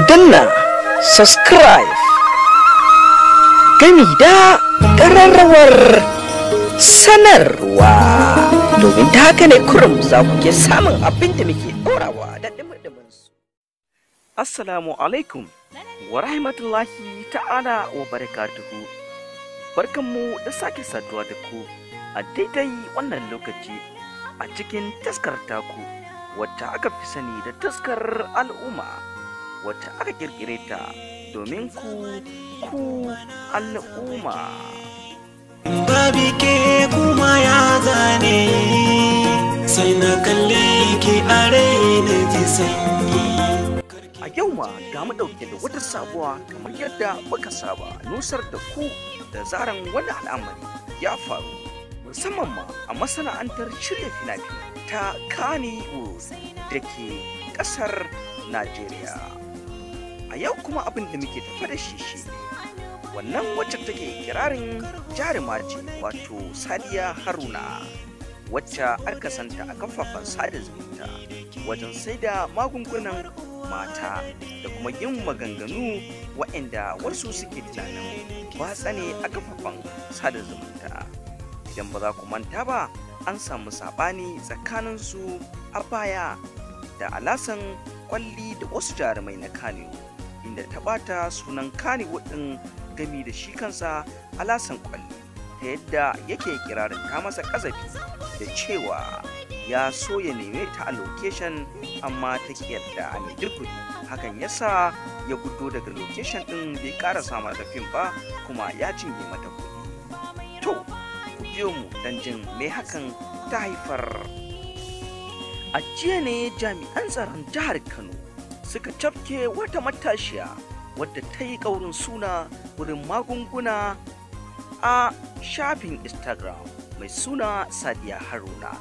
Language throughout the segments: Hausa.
ku danna subscribe gami da ƙararrawar sanarwa domin ta haka ne kurum za ku ke samun abin da muke ɗorawa da ɗimɗimin su. Assalamu alaikum wa rahmatullahi ta'ala wa barakatuhu barkanmu da sake saduwa da ku a daidai wannan lokaci a cikin taskar taku. wata aka fi sani da taskar al'umma wata aka kirkire ta domin ku ku al'umma babi ke kuma ya zane sai na kalle ke a raina ji sanyi a yau ma ga mu dauke da wata sabuwa kamar yadda muka saba nusar da ku da zaran wani al'amari ya faru musamman ma a masana'antar shirya fina-finai ta kani da ke ƙasar najeriya a yau kuma abin da muke tafa da shi shi wannan wacce take kirarin jaruma ce wato sadiya haruna wacce aka santa a kafafen sada zumunta wajen sai da magungunan mata da kuma yin maganganu waɗanda wasu suke tunanin batsa ne a kafafen sada zumunta idan ba za ku manta ba an samu saɓani tsakaninsu a baya da alasan kwalli da wasu jarumai na kano. inda ta ɓata sunan kani ɗin gami da shi kansa alasan kwalli ta yadda yake kirarin ta masa ƙazafi da cewa ya so ya neme ta a location amma ta yarda a maiduguri hakan yasa ya gudo daga location ɗin bai ƙara samar da fim ba kuma ya cinye mata kuɗi to ku biyo mu don jin me hakan ta haifar a jiya ne jami'an tsaron jihar kano suka cafke wata matashiya wadda ta yi ƙaurin suna wurin magunguna a shafin instagram mai suna sadiya haruna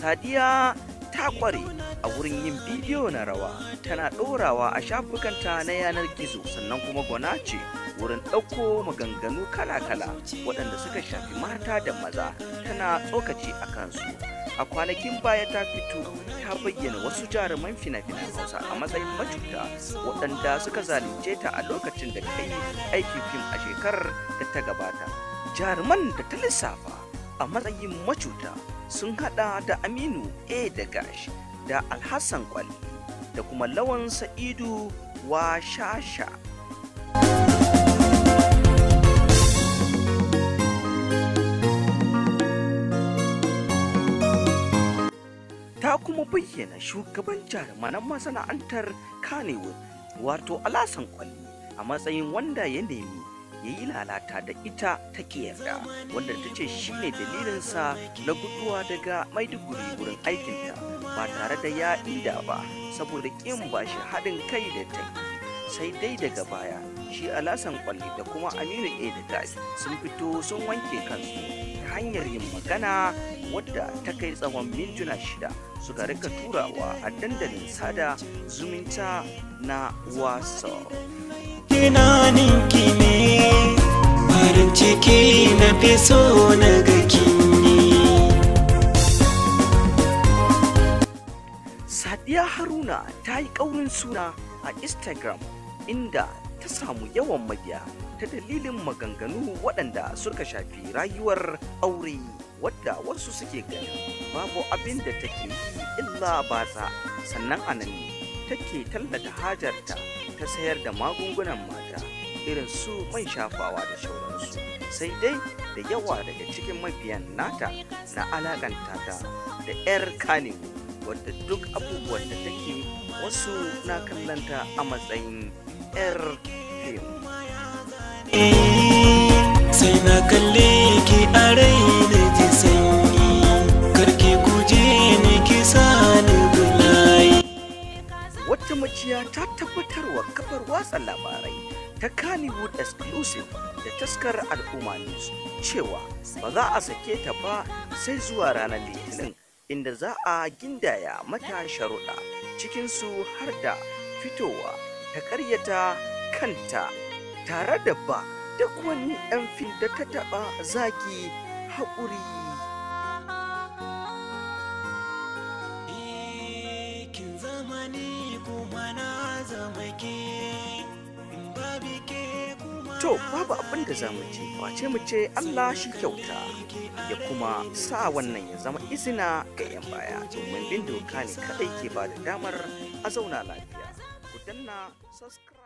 sadiya ta ƙware a wurin yin bidiyo na rawa tana ɗorawa a shafukanta na yanar gizo sannan kuma gwana ce wurin ɗauko maganganu kala-kala waɗanda suka shafi mata da maza tana tsokaci a kansu a kwanakin baya ta fito ta bayyana wasu jaruman fina-finan hausa a matsayin macuta waɗanda suka zalunce ta a lokacin da ta yi aikin fim a shekarar da ta gabata jaruman da ta lissafa a matsayin macuta sun haɗa da aminu a da gashi da alhassan kwali da kuma lawan sa'idu wa shasha kenan shugaban jarumanan masana'antar Kannywood wato alasan kwalli a matsayin wanda ya nemi ya yi lalata da ita take yarda wanda ta ce shi ne dalilinsa na guduwa daga maiduguri wurin aikinta ba tare da ya inda ba saboda ƙin ba shi haɗin kai da ta sai dai daga baya shi alasan kwalli da kuma aminu a sun fito sun wanke kansu hanyar yin magana wadda ta kai tsawon mintuna shida suka rika turawa a dandalin sada zumunta na whatsapp farin Sadiya Haruna ta yi ƙaurin suna a Instagram inda ta samu yawan mabiya ta dalilin maganganu waɗanda suka shafi rayuwar aure wadda wasu suke gani babu abin da take illa ba batsa sannan a nan take tallata hajarta ta sayar da magungunan mata irin su man shafawa da sauransu sai dai da yawa daga cikin mabiyan nata na alakanta ta da 'yar kanewu wadda duk abubuwan da take wasu na kallanta a matsayin 'yar sai kalle ki a rai da ji sanyi karki kuje ni ki sani wata maciya ta tabbatarwa kafar watsa labarai ta Kannywood exclusive da taskar al'umma news cewa ba za a sake ta ba sai zuwa ranar litinin inda za a gindaya mata sharuɗa cikinsu har da fitowa ta ƙaryata kanta tare da ba duk wani yan fim da ta taɓa zagi haƙuri To babu abin da za mu ce kwace mu ce Allah shi kyauta ya kuma sa wannan ya zama izina ga 'yan baya domin bin doka ne kadai ke ba da damar a zauna lafiya. Ku danna subscribe.